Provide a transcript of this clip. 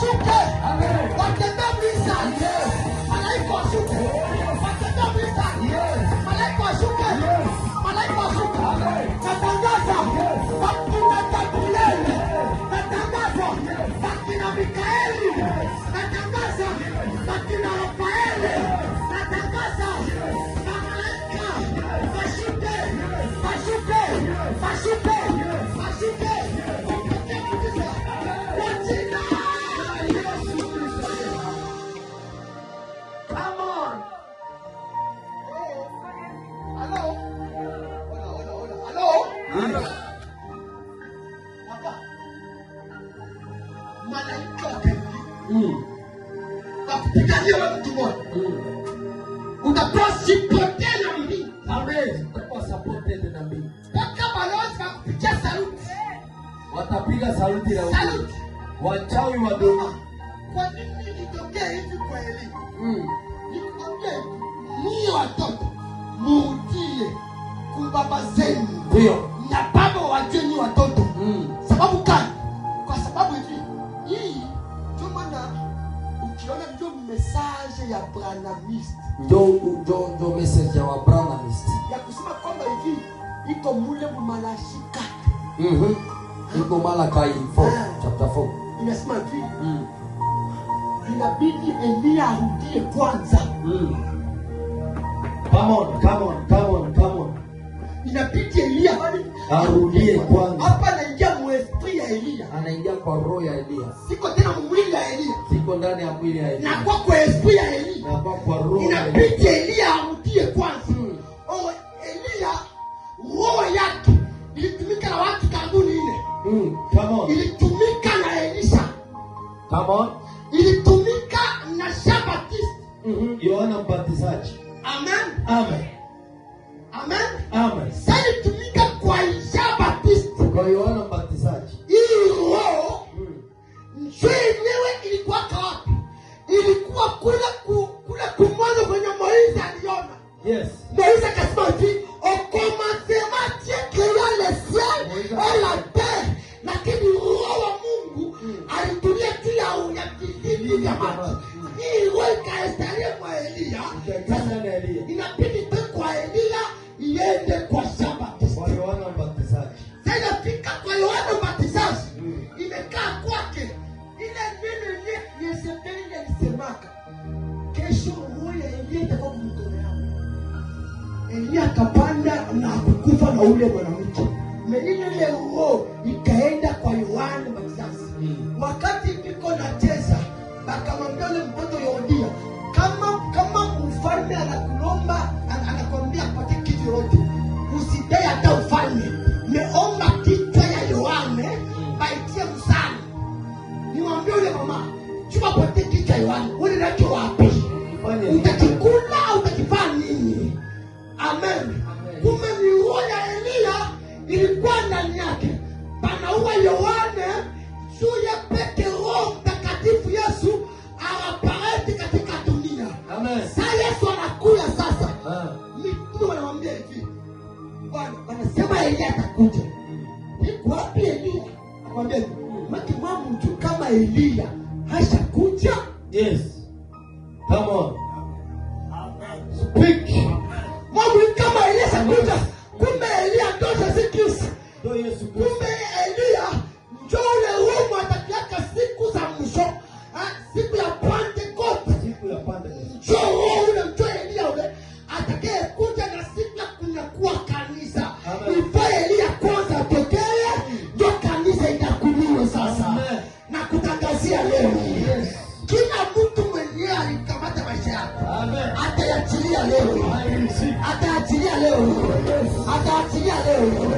Russia. mm. Utakupigania mtu mmoja mm. Utakuwa na mimi. Amen. Utakuwa supported na mimi. Mpaka balozi wakupigia saluti. Eh. Watapiga saluti na saluti. Wachawi wa dunia. Kwa nini nitokee hivi kwa elimu? Mm. Nitokee. Ni watoto. Mutie kubaba zenu. Ndio. message ya branamist ndio ndio ndio message ya branamist ya kusema kwamba hivi iko mule Malachi 4 mhm iko Malachi 4 ah. chapter 4 inasema hivi mm. inabidi Elia arudie kwanza mm. come on come on come on come on inabidi Elia arudie kwanza hapa naingia anaingia kwa roho ya Elia. Siko tena mwili ya Elia. Siko ndani ya mwili ya Elia. Na kwa kwa esprit ya Elia. Na kwa kwa roho. Inabidi Elia amtie kwanza. Hmm. Oh, Elia roho yake ilitumika na watu kanguni ile. Mm, come on. Ilitumika na Elisha. Come on. Ilitumika na Jean Mhm. Mm Yohana Mbatizaji. Amen. Amen. Amen. Amen. Sasa ilitumika kwa Jean Kwa Yohana Mbatizaji. hela te, lakini roho wa Mungu alitumia juu ya vijiji vya maji iweka Esteria kwa Elia. Inabidi te kwa Elia iende kwa Shaba inafika kwa Yohana Mbatizaji, hmm. imekaa kwake ile neno ile alisemaka, kesho huyo Elia atakuwa Elia akapanda na kukufa na ule mwanamke Maneno ile roho ikaenda kwa Yohana Mbatizaji mm. wakati iko na cheza, akamwambia yule mtoto Yodia, kama kama mfalme anaku wanasema Elia atakuja. Wapi Elia? Akamwambia maki mama, mtu kama Elia hashakuja. Yes, come on, speak. Mama kama Elia hashakuja, kumbe Elia ndo Jesus Kristo, ndo Yesu Kristo. ka sí ayé mi kí akutumeni ayi kama tẹmẹ sẹ atayatili ale o atayatili ale o atayatili